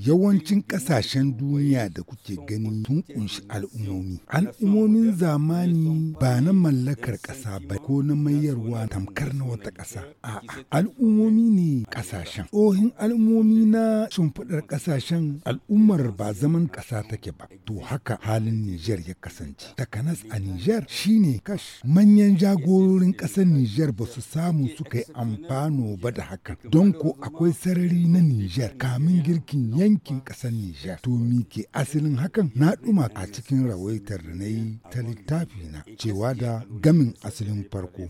Yawancin ƙasashen duniya da kuke gani sun kunshi al'ummomi. Al'ummomin zamani ba na mallakar ƙasa ba ko na mayarwa tamkar na wata ƙasa. A'a, al'ummomi ne ƙasashen. Tsohin al'ummomi na shimfiɗar ƙasashen al'ummar ba zaman ƙasa take ba. To haka halin Nijar ya kasance. Takanas a Nijar ne kash. Manyan jagororin ƙasar Nijar ba su samu suka yi amfano ba da hakan. Don ko akwai sarari na Nijar kamin domin girkin yankin ƙasar Nijar. To mi ke asalin hakan na ɗuma a cikin rawaitar da na yi ta littafi na cewa da gamin asalin farko.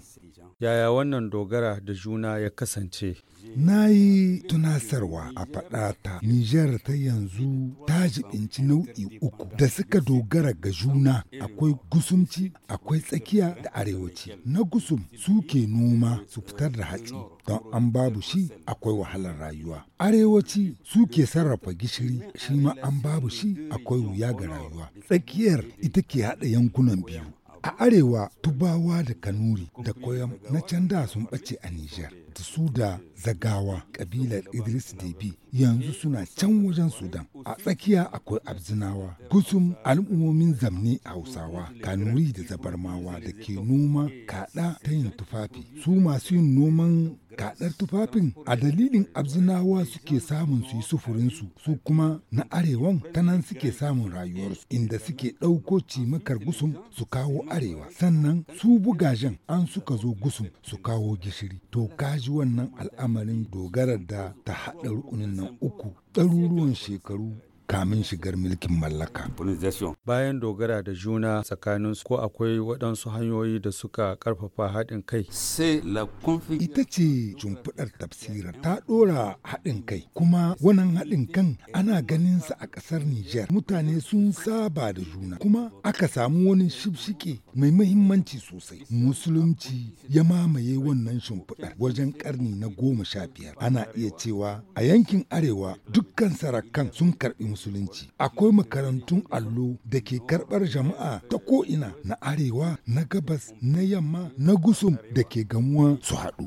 Yaya wannan dogara da juna ya kasance? Na yi tunasarwa a faɗata Nijar ta yanzu ta jibinci nau'i uku da suka dogara ga juna akwai gusumci, akwai tsakiya da arewaci. Na gusum suke noma su fitar da hatsi don an babu shi akwai wahalar rayuwa. Arewaci suke sarrafa gishiri shi ma an babu shi akwai wuya ga rayuwa. Tsakiyar ita ke haɗa yankunan biyu. A arewa Tubawa da Kanuri da Koyam na can da sun ɓace a Nijar. da su da zagawa kabilar idris debi yanzu suna can wajen sudan a tsakiya akwai abzinawa Gusun, al'ummomin zamne hausawa kanuri da zabarmawa da ke noma kaɗa ta yin tufafi su masu yin noman kaɗar tufafin a dalilin abzinawa suke samun su yi sufurinsu su kuma na arewan ta nan suke samun rayuwarsu inda suke ɗauko cimakar gusum su kawo arewa sannan su bugajen an suka zo gusum su kawo gishiri to ka ji wannan al'amarin dogarar da ta haɗa rukunin nan uku ɗaruruwan shekaru kamin shigar mulkin mallaka. Bayan dogara da juna tsakanin ko akwai waɗansu hanyoyi da suka ƙarfafa haɗin kai. Ita ce jumfuɗar tafsirar ta ɗora haɗin kai kuma wannan haɗin kan ana ganin sa a ƙasar Nijar. Mutane sun saba da juna kuma aka samu wani shibshike mai mahimmanci sosai. Musulunci ya mamaye wannan shimfiɗar wajen ƙarni na goma sha biyar. Ana iya cewa a yankin arewa duk dukkan sarakan sun karɓi musulunci. Akwai makarantun allo da ke karɓar jama'a ta ko'ina na arewa, na gabas, na yamma, na gusum da ke gamuwa su haɗu.